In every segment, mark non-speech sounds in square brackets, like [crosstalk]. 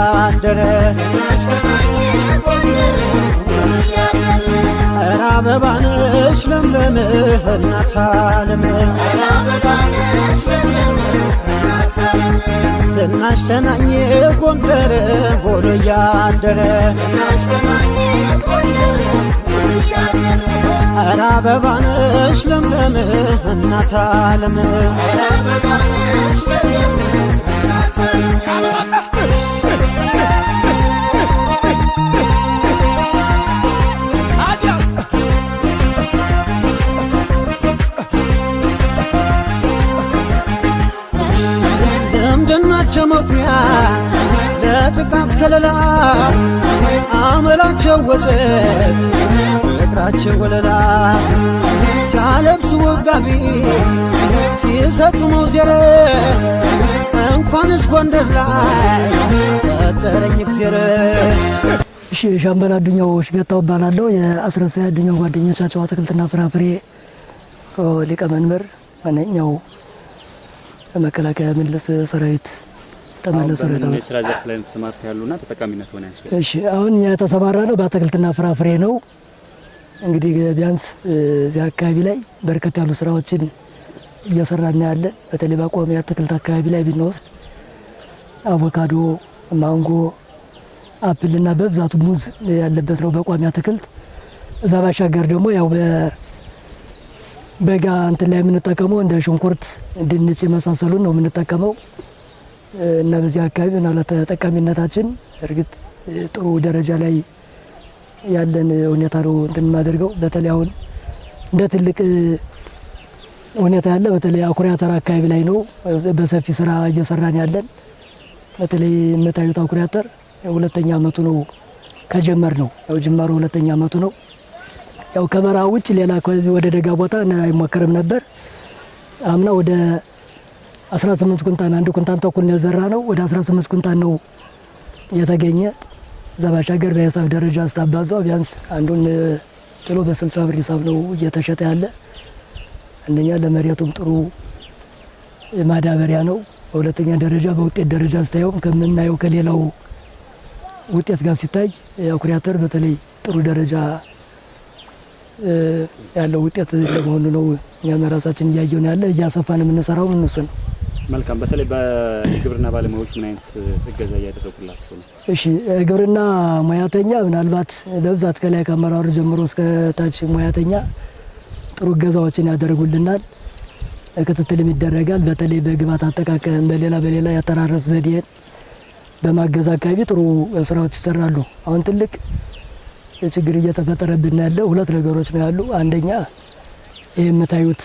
ያደረ ኧረ አበባነሽ ለምለም እናት ዓለም ዝናሽ ተናኘ ጎንደር ሆኖ ያደረ ኧረ አበባነሽ ለምለም እናት ዓለም ሲጫወተት ፍቅራቸው ወለላ ሲያለብሱ ወጋቢ ሲሰጡ መውዜረ እንኳንስ ጎንደር ላይ ፈጠረኝ እግዜር። እሺ ሻምበል አዱኛው ሽገታው እባላለሁ። የአስረሳይ አዱኛው ጓደኞቻቸው አትክልትና ፍራፍሬ ሊቀመንበር ማንኛው መከላከያ መለስ ሰራዊት ተመለሱ ነው ተመለሱ። ስራ ዘርፍ ላይ ተሰማርተ ያሉና ተጠቃሚነት ሆነ ያንሱ። እሺ አሁን እኛ ተሰማራ ነው በአትክልትና ፍራፍሬ ነው። እንግዲህ ቢያንስ እዚህ አካባቢ ላይ በርከት ያሉ ስራዎችን እየሰራን ያለን በተለይ በቋሚ አትክልት አካባቢ ላይ ብንወስድ አቮካዶ፣ ማንጎ፣ አፕልና በብዛቱ ሙዝ ያለበት ነው በቋሚ አትክልት። እዛ ባሻገር ደግሞ ያው በጋ እንትን ላይ የምንጠቀመው እንደ ሽንኩርት፣ ድንች የመሳሰሉን ነው የምንጠቀመው። እና በዚህ አካባቢ ምናልባት ተጠቃሚነታችን እርግጥ ጥሩ ደረጃ ላይ ያለን ሁኔታ ነው እንደምናደርገው በተለይ አሁን እንደ ትልቅ ሁኔታ ያለ በተለይ አኩሪ አተር አካባቢ ላይ ነው በሰፊ ስራ እየሰራን ያለን። በተለይ የምታዩት አኩሪ አተር ሁለተኛ አመቱ ነው ከጀመር ነው ያው ጅማሮ ሁለተኛ አመቱ ነው። ያው ከበረሃ ውጭ ሌላ ወደ ደጋ ቦታ አይሞከርም ነበር። አምና ወደ 18 ኩንታል አንድ ኩንታል ተኩል የዘራ ነው ወደ 18 ኩንታል ነው የተገኘ። እዛ ባሻገር በሂሳብ ደረጃ ስታባዛው ቢያንስ አንዱን ጥሎ በ60 ብር ሂሳብ ነው እየተሸጠ ያለ። አንደኛ ለመሬቱም ጥሩ ማዳበሪያ ነው። በሁለተኛ ደረጃ በውጤት ደረጃ ስታየውም ከምናየው ከሌላው ውጤት ጋር ሲታይ አኩሪ አተር በተለይ ጥሩ ደረጃ ያለው ውጤት ለመሆኑ ነው። እኛም ራሳችን ነው ያለ እያሰፋን የምንሰራው እነሱ ነው። መልካም። በተለይ በግብርና ባለሙያዎች ምን አይነት እገዛ እያደረጉላቸው ነው? እሺ፣ ግብርና ሙያተኛ ምናልባት በብዛት ከላይ ከአመራሩ ጀምሮ እስከ ታች ሙያተኛ ጥሩ እገዛዎችን ያደርጉልናል። ክትትልም ይደረጋል። በተለይ በግብዓት አጠቃቀም፣ በሌላ በሌላ ያተራረስ ዘዴን በማገዝ አካባቢ ጥሩ ስራዎች ይሰራሉ። አሁን ትልቅ ችግር እየተፈጠረብን ያለው ሁለት ነገሮች ነው ያሉ። አንደኛ ይህ የምታዩት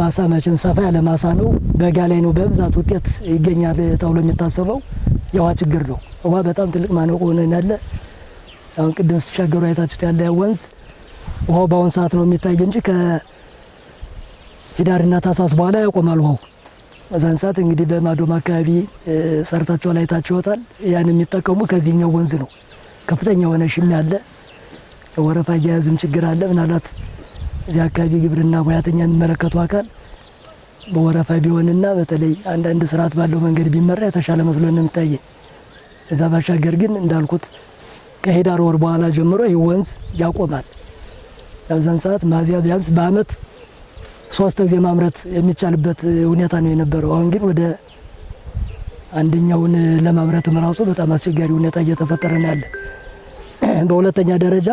ማሳ መቼም ሰፋ ያለ ማሳ ነው። በጋ ላይ ነው በብዛት ውጤት ይገኛል ተብሎ የሚታሰበው። የውሃ ችግር ነው። ውሃ በጣም ትልቅ ማነቆ ሆነ ያለ አሁን ቅድም ስትሻገሩ አይታችሁት ያለ ወንዝ ውሃው በአሁን ሰዓት ነው የሚታይ እንጂ ከሂዳርና ታሳስ በኋላ ያቆማል ውሃው። በዛን ሰዓት እንግዲህ በማዶማ አካባቢ ሰርታችኋል፣ አይታችሁታል። ያን የሚጠቀሙ ከዚህኛው ወንዝ ነው። ከፍተኛ የሆነ ሽሚ ያለ ወረፋ አያያዝም ችግር አለ ምናልባት እዚህ አካባቢ ግብርና ሙያተኛ የሚመለከቱ አካል በወረፋ ቢሆንና በተለይ አንዳንድ ስርዓት ባለው መንገድ ቢመራ የተሻለ መስሎ ነው የሚታየኝ። እዛ ባሻገር ግን እንዳልኩት ከሄዳር ወር በኋላ ጀምሮ ይህ ወንዝ ያቆማል። በዛን ሰዓት ማዚያ ቢያንስ በአመት ሶስት ጊዜ ማምረት የሚቻልበት ሁኔታ ነው የነበረው። አሁን ግን ወደ አንደኛውን ለማምረትም ራሱ በጣም አስቸጋሪ ሁኔታ እየተፈጠረ ነው ያለ። [clears throat] በሁለተኛ ደረጃ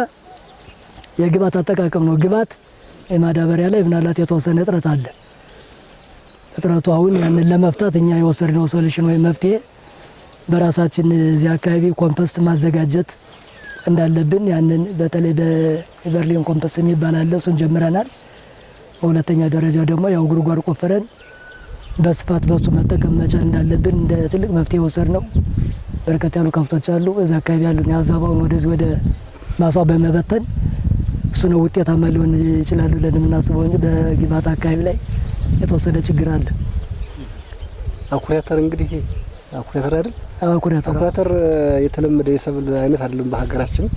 የግባት አጠቃቀም ነው ግባት የማዳበሪያ ላይ ምናልባት የተወሰነ እጥረት አለ። እጥረቱ አሁን ያንን ለመፍታት እኛ የወሰድነው ሶሉሽን ወይም መፍትሄ በራሳችን እዚህ አካባቢ ኮምፖስት ማዘጋጀት እንዳለብን ያንን በተለይ በበርሊን ኮምፖስት የሚባል አለ። እሱን ጀምረናል። በሁለተኛ ደረጃ ደግሞ ያው ጉድጓድ ቆፍረን በስፋት በሱ መጠቀም መቻል እንዳለብን እንደ ትልቅ መፍትሄ ወሰድ ነው። በርከት ያሉ ከብቶች አሉ። እዚ አካባቢ ያሉ ያዛባውን ወደዚህ ወደ ማሷ በመበተን እሱ ነው ውጤታማ ሊሆን ይችላል ብለን የምናስበው እንጂ በግብአት አካባቢ ላይ የተወሰደ ችግር አለ። አኩሪ አተር እንግዲህ አኩሪ አተር አይደል? አኩሪ አተር አኩሪ አተር የተለመደ የሰብል አይነት አይደለም በሀገራችን።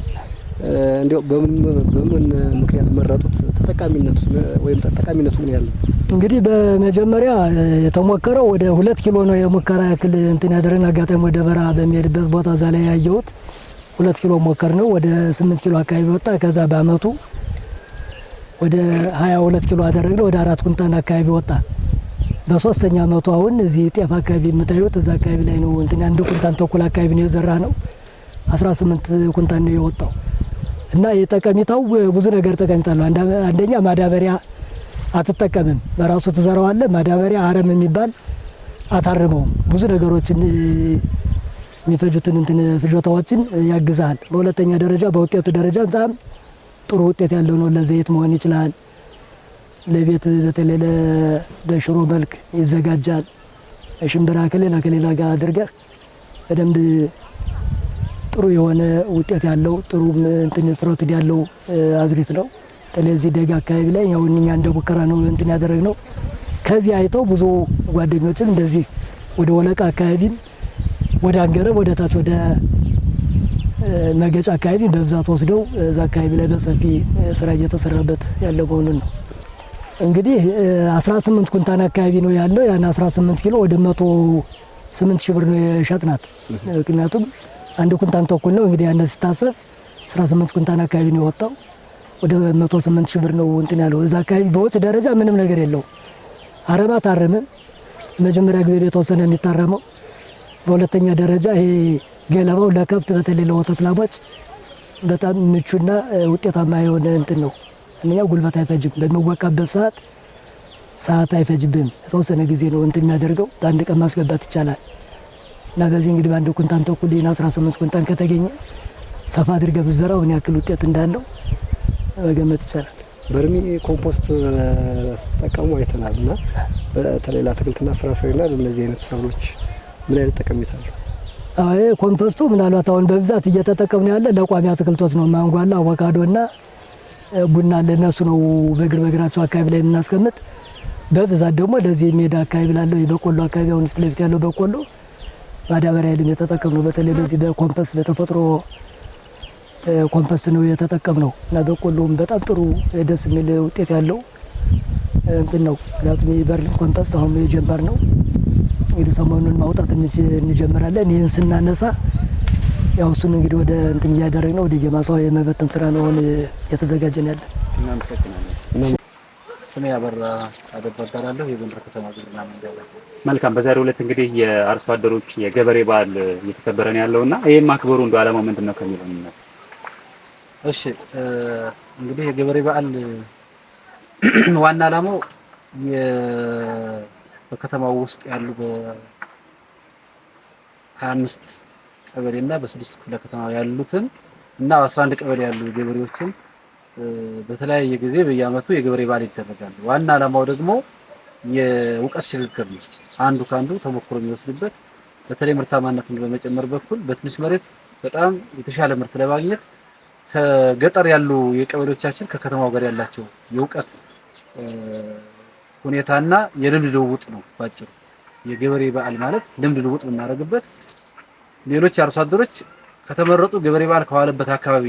እንዲያው በምን በምን ምክንያት መረጡት? ተጠቃሚነቱ ወይም ተጠቃሚነቱ ምን ያለ? እንግዲህ በመጀመሪያ የተሞከረው ወደ ሁለት ኪሎ ነው የሙከራ ያክል እንትን ያደረን አጋጣሚ ወደ በረሃ በሚሄድበት ቦታ እዛ ላይ ያየሁት ሁለት ኪሎ ሞከር ነው ወደ ስምንት ኪሎ አካባቢ ወጣ። ከዛ በአመቱ ወደ ሀያ ሁለት ኪሎ አደረግነው ወደ አራት ኩንታን አካባቢ ወጣ። በሶስተኛ አመቱ አሁን እዚህ ጤፍ አካባቢ የምታዩት እዛ አካባቢ ላይ ነው እንትን አንድ ኩንታል ተኩል አካባቢ ነው የዘራ ነው። 18 ኩንታን ነው የወጣው እና የጠቀሚታው ብዙ ነገር ጠቀሚታ አለው። አንደኛ ማዳበሪያ አትጠቀምም፣ በራሱ ትዘራዋለህ። ማዳበሪያ አረም የሚባል አታርመውም። ብዙ ነገሮችን የሚፈጁትን እንትን ፍጆታዎችን ያግዛል። በሁለተኛ ደረጃ በውጤቱ ደረጃ በጣም ጥሩ ውጤት ያለው ነው። ለዘይት መሆን ይችላል። ለቤት በተለይ ለሽሮ መልክ ይዘጋጃል። ሽምብራ ከሌላ ከሌላ ጋር አድርገህ በደንብ ጥሩ የሆነ ውጤት ያለው ጥሩ እንትን ፕሮቲን ያለው አዝሪት ነው። በተለይ እዚህ ደጋ አካባቢ ላይ ያው እኛ እንደ ቡከራ ነው እንትን ያደረግነው። ከዚህ አይተው ብዙ ጓደኞችን እንደዚህ ወደ ወለቃ አካባቢም ወደ አንገረ ወደ ታች ወደ መገጫ አካባቢ በብዛት ወስደው እዛ አካባቢ ላይ በሰፊ ስራ እየተሰራበት ያለ መሆኑን ነው። እንግዲህ 18 ኩንታን አካባቢ ነው ያለው። ያን 18 ኪሎ ወደ 108 ሺህ ብር ነው የሸጥናት። ምክንያቱም አንድ ኩንታን ተኩል ነው እንግዲህ ያን ሲታሰብ 18 ኩንታን አካባቢ ነው የወጣው። ወደ 108 ሺህ ብር ነው እንትን ያለው። እዛ አካባቢ በውጭ ደረጃ ምንም ነገር የለው። አረማ ታረመ። መጀመሪያ ጊዜ የተወሰነ የሚታረመው በሁለተኛ ደረጃ ይሄ ገለባው ለከብት በተለይ ለወተት ላሞች በጣም ምቹና ውጤታማ የሆነ እንትን ነው። እኛ ጉልበት አይፈጅም። በሚወቃበት ሰዓት ሰዓት አይፈጅብም። የተወሰነ ጊዜ ነው እንትን የሚያደርገው። በአንድ ቀን ማስገባት ይቻላል እና በዚህ እንግዲህ በአንድ ኩንታን ተኩል 18 ኩንታን ከተገኘ ሰፋ አድርገ ብትዘራው ምን ያክል ውጤት እንዳለው መገመት ይቻላል። በርሚ ኮምፖስት ስጠቀሙ አይተናል እና በተለይ ለአትክልትና ፍራፍሬና ለእነዚህ አይነት ሰብሎች ምን አይነት ጠቀሜታ አለው? አይ ኮምፖስቱ ምናልባት አሁን በብዛት እየተጠቀምን ያለ ለቋሚ አትክልቶች ነው። አቮካዶ እና ቡና ለነሱ ነው በእግር በእግራቸው አካባቢ ላይ የምናስቀምጥ። በብዛት ደግሞ ለዚህ ሜዳ አካባቢ ላለው የበቆሎ አካባቢ አሁን ፊት ለፊት ያለው በቆሎ ማዳበሪያ ለም የተጠቀምነው በተለይ በዚህ በኮምፖስት በተፈጥሮ ኮምፖስት ነው የተጠቀምነው እና በቆሎም በጣም ጥሩ ደስ የሚል ውጤት ያለው እንትን ነው። ምክንያቱም የበርሊን ኮምፖስት አሁን የጀመር ነው እንግዲህ ሰሞኑን ማውጣት እንጀምራለን። ይህን ስናነሳ ያው እሱን እንግዲህ ወደ እንትን እያደረግ ነው። ወደ የማሳው የመበተን ስራ ነው አሁን እየተዘጋጀን ያለን። ስሜ አበራ አደባ እባላለሁ። የጎንደር ከተማ ግብርና መምሪያ። መልካም። በዛሬው ዕለት እንግዲህ የአርሶ አደሮች የገበሬ በዓል እየተከበረ ነው ያለው እና ይህም አክበሩ እንደ ዓላማው ምንድን ነው ከሚለው ነው። እሺ እንግዲህ የገበሬ በዓል ዋና አላማው በከተማው ውስጥ ያሉ በ25 ቀበሌ እና በስድስት ክፍለ ከተማ ያሉትን እና 11 ቀበሌ ያሉ ገበሬዎችን በተለያየ ጊዜ በየአመቱ የገበሬ በዓል ይደረጋል። ዋና ዓላማው ደግሞ የእውቀት ሽግግር ነው። አንዱ ከአንዱ ተሞክሮ የሚወስድበት በተለይ ምርታማነትን በመጨመር በኩል በትንሽ መሬት በጣም የተሻለ ምርት ለማግኘት ከገጠር ያሉ የቀበሌዎቻችን ከከተማው ጋር ያላቸው የእውቀት ሁኔታና የልምድ ልውውጥ ነው። ባጭሩ የገበሬ በዓል ማለት ልምድ ልውውጥ የምናደርግበት ሌሎች አርሶ አደሮች ከተመረጡ ገበሬ በዓል ከዋለበት አካባቢ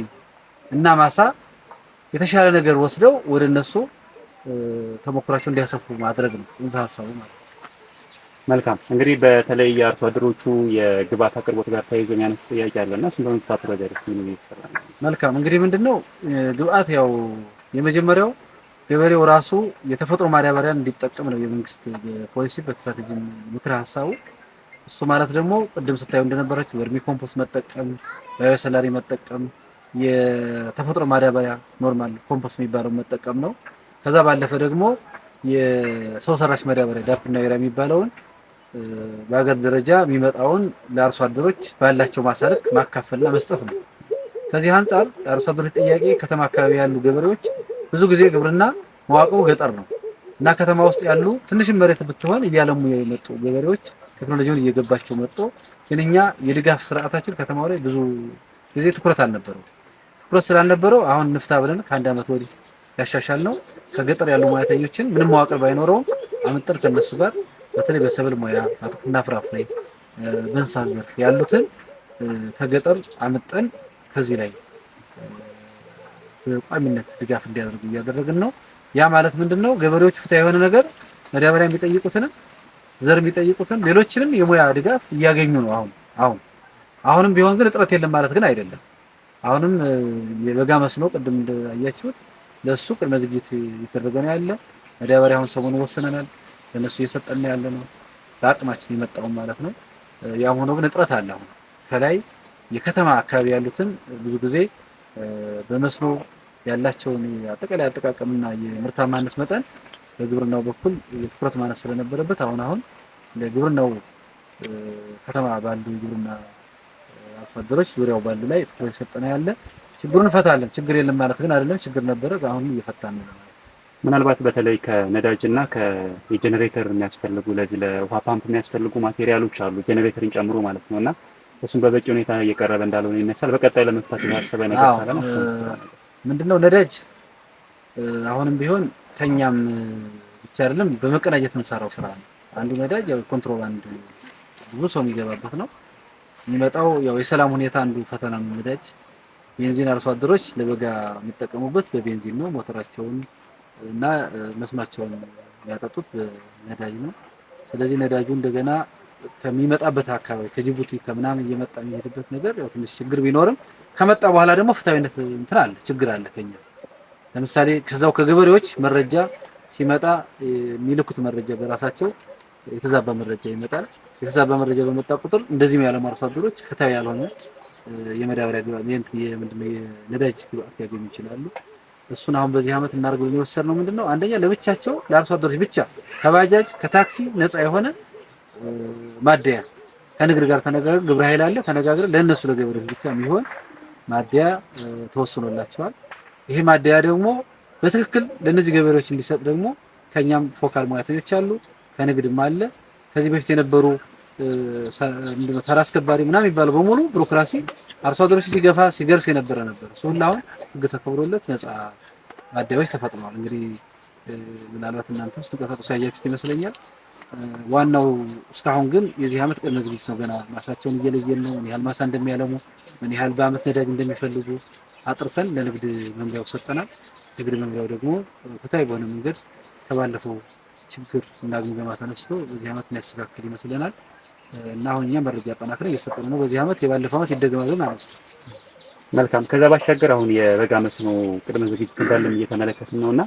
እና ማሳ የተሻለ ነገር ወስደው ወደ እነሱ ተሞክሯቸው እንዲያሰፉ ማድረግ ነው እንዛ ሐሳቡ ማለት መልካም እንግዲህ በተለይ የአርሶ አደሮቹ የግብዓት አቅርቦት ጋር ተያይዞ የሚያነሱ ጥያቄ አለ እና እሱን በመፍታት ረገድ ምን እየተሰራ መልካም እንግዲህ ምንድነው ግብዓት ያው የመጀመሪያው ገበሬው ራሱ የተፈጥሮ ማዳበሪያን እንዲጠቀም ነው የመንግስት ፖሊሲ በስትራቴጂ ምክር ሀሳቡ። እሱ ማለት ደግሞ ቅድም ስታዩ እንደነበረች ወርሚ ኮምፖስት መጠቀም፣ ባዮሰላሪ መጠቀም፣ የተፈጥሮ ማዳበሪያ ኖርማል ኮምፖስት የሚባለው መጠቀም ነው። ከዛ ባለፈ ደግሞ የሰው ሰራሽ ማዳበሪያ ዳፕና ዩሪያ የሚባለውን በሀገር ደረጃ የሚመጣውን ለአርሶ አደሮች ባላቸው ማሳረክ ማካፈልና መስጠት ነው። ከዚህ አንጻር አርሶ አደሮች ጥያቄ ከተማ አካባቢ ያሉ ገበሬዎች ብዙ ጊዜ ግብርና መዋቅሩ ገጠር ነው እና ከተማ ውስጥ ያሉ ትንሽ መሬት ብትሆን እያለሙ የመጡ ገበሬዎች ቴክኖሎጂውን እየገባቸው መጡ። ግን እኛ የድጋፍ ስርዓታችን ከተማው ላይ ብዙ ጊዜ ትኩረት አልነበረው። ትኩረት ስላልነበረው አሁን ንፍታ ብለን ከአንድ ዓመት ወዲህ ያሻሻል ነው። ከገጠር ያሉ ሙያተኞችን ምንም መዋቅር ባይኖረውም አምጠን ከነሱ ጋር በተለይ በሰብል ሙያ፣ አትክልትና ፍራፍሬ፣ በእንስሳት ዘርፍ ያሉትን ከገጠር አምጠን ከዚህ ላይ በቋሚነት ድጋፍ እንዲያደርጉ እያደረግን ነው። ያ ማለት ምንድን ነው? ገበሬዎቹ የሆነ ነገር መዳበሪያ የሚጠይቁትንም ዘር የሚጠይቁትን ሌሎችንም የሙያ ድጋፍ እያገኙ ነው። አሁን አሁን አሁንም ቢሆን ግን እጥረት የለም ማለት ግን አይደለም። አሁንም የበጋ መስኖ ቅድም እንዳያችሁት ለእሱ ቅድመ ዝግጅት እየተደረገ ነው ያለ መዳበሪያ አሁን ሰሞኑን ወስነናል። ለእነሱ እየሰጠን ያለ ነው ለአቅማችን የመጣውን ማለት ነው። ያም ሆኖ ግን እጥረት አለ። አሁን ከላይ የከተማ አካባቢ ያሉትን ብዙ ጊዜ በመስኖ ያላቸውን አጠቃላይ አጠቃቀምና የምርታማነት መጠን በግብርናው በኩል የትኩረት ማነስ ስለነበረበት አሁን አሁን ለግብርናው ከተማ ባሉ ግብርና አርሶ አደሮች ዙሪያው ባሉ ላይ ትኩረት የሰጠነው ያለ ችግሩን እንፈታለን። ችግር የለም ማለት ግን አይደለም። ችግር ነበረ፣ አሁን እየፈታን ነው። ምናልባት በተለይ ከነዳጅ እና ከጄኔሬተር የሚያስፈልጉ ለዚህ ለውሃ ፓምፕ የሚያስፈልጉ ማቴሪያሎች አሉ ጀኔሬተርን ጨምሮ ማለት ነው እና እሱን በበቂ ሁኔታ እየቀረበ እንዳልሆነ ይነሳል። በቀጣይ ለመፍታት ያሰበ ነገር ካለ ምንድነው ነዳጅ አሁንም ቢሆን ከኛም ብቻ አይደለም በመቀናጀት የምንሰራው ስራ ነው። አንዱ ነዳጅ ያው ኮንትሮባንድ ብዙ ሰው የሚገባበት ነው። የሚመጣው ያው የሰላም ሁኔታ አንዱ ፈተና ነው። ነዳጅ ቤንዚን አርሶ አደሮች ለበጋ የሚጠቀሙበት በቤንዚን ነው። ሞተራቸውን እና መስኗቸውን የሚያጠጡት በነዳጅ ነው። ስለዚህ ነዳጁ እንደገና ከሚመጣበት አካባቢ ከጅቡቲ ከምናምን እየመጣ የሚሄድበት ነገር ያው ትንሽ ችግር ቢኖርም ከመጣ በኋላ ደግሞ ፍትሐዊነት እንትን አለ ችግር አለ። ከኛ ለምሳሌ ከዛው ከገበሬዎች መረጃ ሲመጣ የሚልኩት መረጃ በራሳቸው የተዛባ መረጃ ይመጣል። የተዛባ መረጃ በመጣ ቁጥር እንደዚህም ያለሙ አርሶ አደሮች ፍትሐዊ ያልሆነ የመዳበሪያ ግብአት የነዳጅ ግብአት ሊያገኙ ይችላሉ። እሱን አሁን በዚህ ዓመት እናደርግ የወሰድነው ምንድን አንደኛ ለብቻቸው ለአርሶ አደሮች ብቻ ከባጃጅ ከታክሲ ነፃ የሆነ ማደያ ከንግድ ጋር ተነጋግረን ግብረ ኃይል አለ ተነጋግረን ለእነሱ ለገበሬዎች ብቻ የሚሆን ማደያ ተወስኖላቸዋል። ይሄ ማደያ ደግሞ በትክክል ለእነዚህ ገበሬዎች እንዲሰጥ ደግሞ ከእኛም ፎካል ሙያተኞች አሉ፣ ከንግድም አለ። ከዚህ በፊት የነበሩ ተራ አስከባሪ ምናምን የሚባለው በሙሉ ቢሮክራሲ አርሶ አደሮች ሲገፋ ሲገርስ የነበረ ነበር። እሱ ሁሉ አሁን ህግ ተከብሮለት ነፃ ማደያዎች ተፈጥረዋል። እንግዲህ ምናልባት እናንተም ስትንቀሳቀሱ ያያችሁት ይመስለኛል። ዋናው እስካሁን ግን የዚህ ዓመት ቀን ዝግጅት ነው። ገና ማሳቸውን እየለየን ነው። ምን ያህል ማሳ እንደሚያለሙ ምን ያህል በዓመት ነዳጅ እንደሚፈልጉ አጥርተን ለንግድ መምሪያው ሰጠናል። ንግድ መምሪያው ደግሞ ፍትሐዊ በሆነ መንገድ ከባለፈው ችግር እና ግምገማ ተነስቶ በዚህ ዓመት የሚያስተካክል ይመስለናል እና አሁን እኛ መረጃ አጠናክረን እየሰጠን ነው። በዚህ ዓመት የባለፈው ዓመት ይደገማል ብለን አንወስድም። መልካም። ከዛ ባሻገር አሁን የበጋ መስኖ ቅድመ ዝግጅት እንዳለም እየተመለከትን እና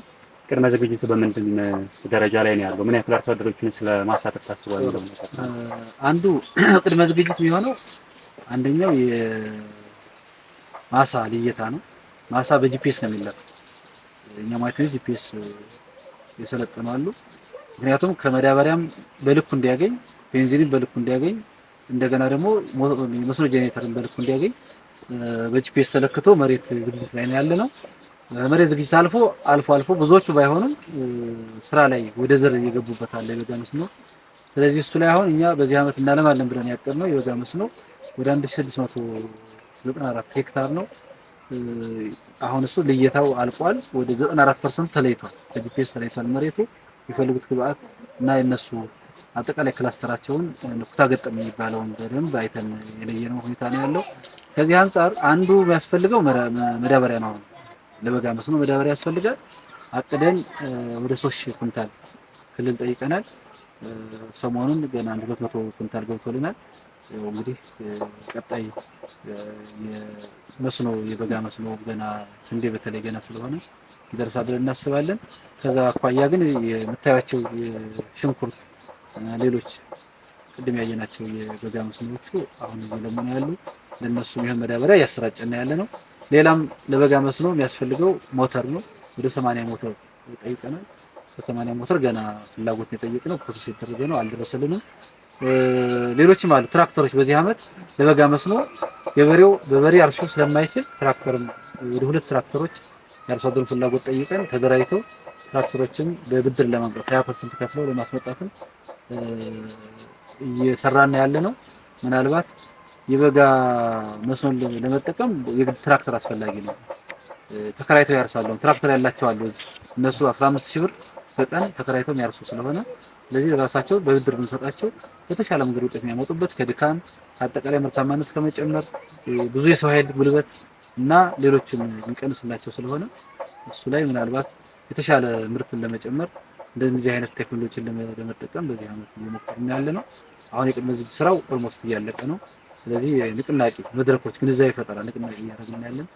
ቅድመ ዝግጅቱ በምንድን ደረጃ ላይ ነው ያለው? ምን ያክል አርሶ አደሮችን ስለማሳተፍ ታስቧል? አንዱ [clears throat] ቅድመ ዝግጅት የሚሆነው አንደኛው የማሳ ልየታ ነው። ማሳ በጂፒኤስ ነው የሚለካው። እኛ ማሽኖች ጂፒኤስ የሰለጠኑ አሉ። ምክንያቱም ከመዳበሪያም በልኩ እንዲያገኝ፣ ቤንዚንም በልኩ እንዲያገኝ፣ እንደገና ደግሞ መስኖ ጄኔሬተርን በልኩ እንዲያገኝ በጂፒኤስ ተለክቶ መሬት ዝግጅት ላይ ነው ያለ ነው። መሬት ዝግጅት አልፎ አልፎ አልፎ ብዙዎቹ ባይሆንም ስራ ላይ ወደ ዘር እየገቡበት አለ የበጋ መስኖ። ስለዚህ እሱ ላይ አሁን እኛ በዚህ አመት እናለማለን ብለን ያቀድነው የበጋ መስኖ ወደ 1694 ሄክታር ነው። አሁን እሱ ልየታው አልቋል። ወደ 94% ተለይቷል፣ በጂፒኤስ ተለይቷል መሬቱ የሚፈልጉት ግብአት እና የነሱ አጠቃላይ ክላስተራቸውን ኩታ ገጠም የሚባለውን በደንብ አይተን የለየነው ሁኔታ ነው ያለው። ከዚህ አንጻር አንዱ የሚያስፈልገው መዳበሪያ ነው። ለበጋ መስኖ መዳበሪያ ያስፈልጋል። አቅደን ወደ ሶስት ሺህ ኩንታል ክልል ጠይቀናል። ሰሞኑን ገና አንድ ሁለት መቶ ኩንታል ገብቶልናል። እንግዲህ ቀጣይ የመስኖ የበጋ መስኖ ገና ስንዴ በተለይ ገና ስለሆነ ይደርሳል ብለን እናስባለን። ከዛ አኳያ ግን የምታያቸው ሽንኩርት፣ ሌሎች ቅድም ያየናቸው የበጋ መስኖዎቹ አሁን እየለሙ ነው ያሉ። ለእነሱ የሚሆን መዳበሪያ እያሰራጨና ያለ ነው። ሌላም ለበጋ መስኖ የሚያስፈልገው ሞተር ነው። ወደ ሰማንያ ሞተር ጠይቀናል። ከሰማንያ ሞተር ገና ፍላጎት የጠየቅ ነው። ፕሮሰስ የተደረገ ነው፣ አልደረሰልንም። ሌሎችም አሉ። ትራክተሮች በዚህ ዓመት ለበጋ መስኖ የበሬው በበሬ አርሶ ስለማይችል ትራክተርም ወደ ሁለት ትራክተሮች የአርሶ አደሩን ፍላጎት ጠይቀን ተደራጅተው ትራክተሮችን በብድር ለማምጣት 20 ፐርሰንት ከፍለው ለማስመጣትም እየሰራን ያለ ነው። ምናልባት የበጋ መስኖን ለመጠቀም የግድ ትራክተር አስፈላጊ ነው። ተከራይተው ያርሳሉ። ትራክተር ያላቸው አሉ። እነሱ 15 ሺህ ብር በቀን ተከራይተው የሚያርሱ ስለሆነ ስለዚህ ራሳቸው በብድር ብንሰጣቸው በተሻለ መንገድ ውጤት የሚያመጡበት ከድካም ከአጠቃላይ ምርታማነት ከመጨመር ብዙ የሰው ኃይል ጉልበት እና ሌሎችም የሚቀንስላቸው ስለሆነ እሱ ላይ ምናልባት የተሻለ ምርትን ለመጨመር እንደዚህ አይነት ቴክኖሎጂን ለመጠቀም በዚህ አመት እየሞከርን ያለ ነው። አሁን የቅድመ ዝግጅት ስራው ኦልሞስት እያለቀ ነው። ስለዚህ ንቅናቄ መድረኮች፣ ግንዛቤ ፈጠራ ንቅናቄ እያደረግን ያለን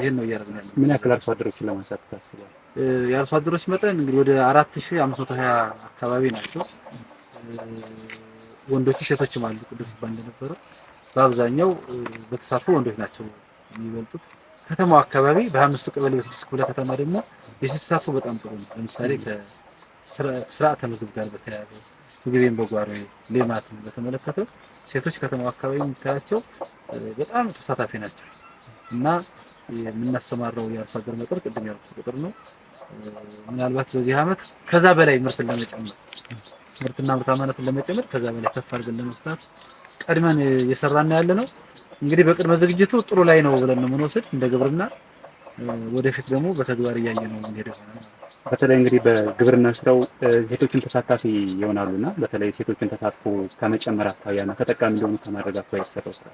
ይህን ነው እያደረግን ያለ። ምን ያክል አርሶ አደሮችን ለማንሳት ታስባል? የአርሶ አደሮች መጠን እንግዲህ ወደ አራት ሺ አምስት መቶ ሀያ አካባቢ ናቸው። ወንዶች ሴቶችም አሉ። ቅዱስ ባ እንደነበረ በአብዛኛው በተሳትፎ ወንዶች ናቸው የሚበልጡት። ከተማው አካባቢ በአምስቱ ቀበሌ በስድስት ክፍለ ከተማ ደግሞ የሴት ተሳትፎ በጣም ጥሩ ነው። ለምሳሌ ስርዓተ ምግብ ጋር በተያያዘ ምግቤን በጓሮ ሌማትን በተመለከተ ሴቶች ከተማው አካባቢ የሚታያቸው በጣም ተሳታፊ ናቸው እና የምናሰማራው የአርሶ አደር መጠን ቅድም ያልኩት ቁጥር ነው። ምናልባት በዚህ ዓመት ከዛ በላይ ምርትን ለመጨመር ምርትና ምርታማነትን ለመጨመር ከዛ በላይ ከፍ አድርገን ለመስራት ቀድመን እየሰራን ያለ ነው። እንግዲህ በቅድመ ዝግጅቱ ጥሩ ላይ ነው ብለን ነው የምንወስድ እንደ ግብርና ወደፊት ደግሞ በተግባር እያየ ነው የምንሄደው። በተለይ እንግዲህ በግብርና ስራው ሴቶችን ተሳታፊ ይሆናሉ እና በተለይ ሴቶችን ተሳትፎ ከመጨመር አኳያ እና ተጠቃሚ ሊሆኑ ከማድረግ አኳያ የተሰራው ስራ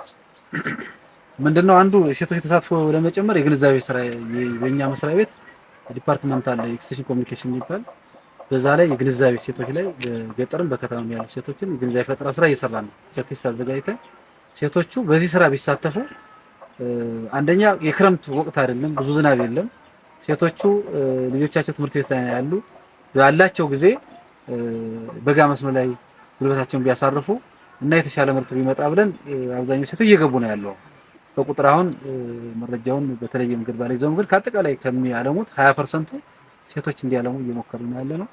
ምንድነው? አንዱ ሴቶች ተሳትፎ ለመጨመር የግንዛቤ ስራ የኛ መስሪያ ቤት ዲፓርትመንት አለ ኤክስቴንሽን ኮሚኒኬሽን የሚባል በዛ ላይ የግንዛቤ ሴቶች ላይ በገጠርም በከተማም ያሉ ሴቶችን የግንዛቤ ፈጠራ ስራ እየሰራ ነው። ቸክሊስት አዘጋጅተን ሴቶቹ በዚህ ስራ ቢሳተፉ አንደኛ የክረምት ወቅት አይደለም፣ ብዙ ዝናብ የለም ሴቶቹ ልጆቻቸው ትምህርት ቤት ላይ ያሉ ያላቸው ጊዜ በጋ መስኖ ላይ ጉልበታቸውን ቢያሳርፉ እና የተሻለ ምርት ቢመጣ ብለን አብዛኛው ሴቶች እየገቡ ነው ያለው። በቁጥር አሁን መረጃውን በተለየ መንገድ ባለ ይዘውም ግን ከአጠቃላይ ከሚያለሙት 20 ፐርሰንቱ ሴቶች እንዲያለሙ እየሞከሩ ነው ያለ ነው።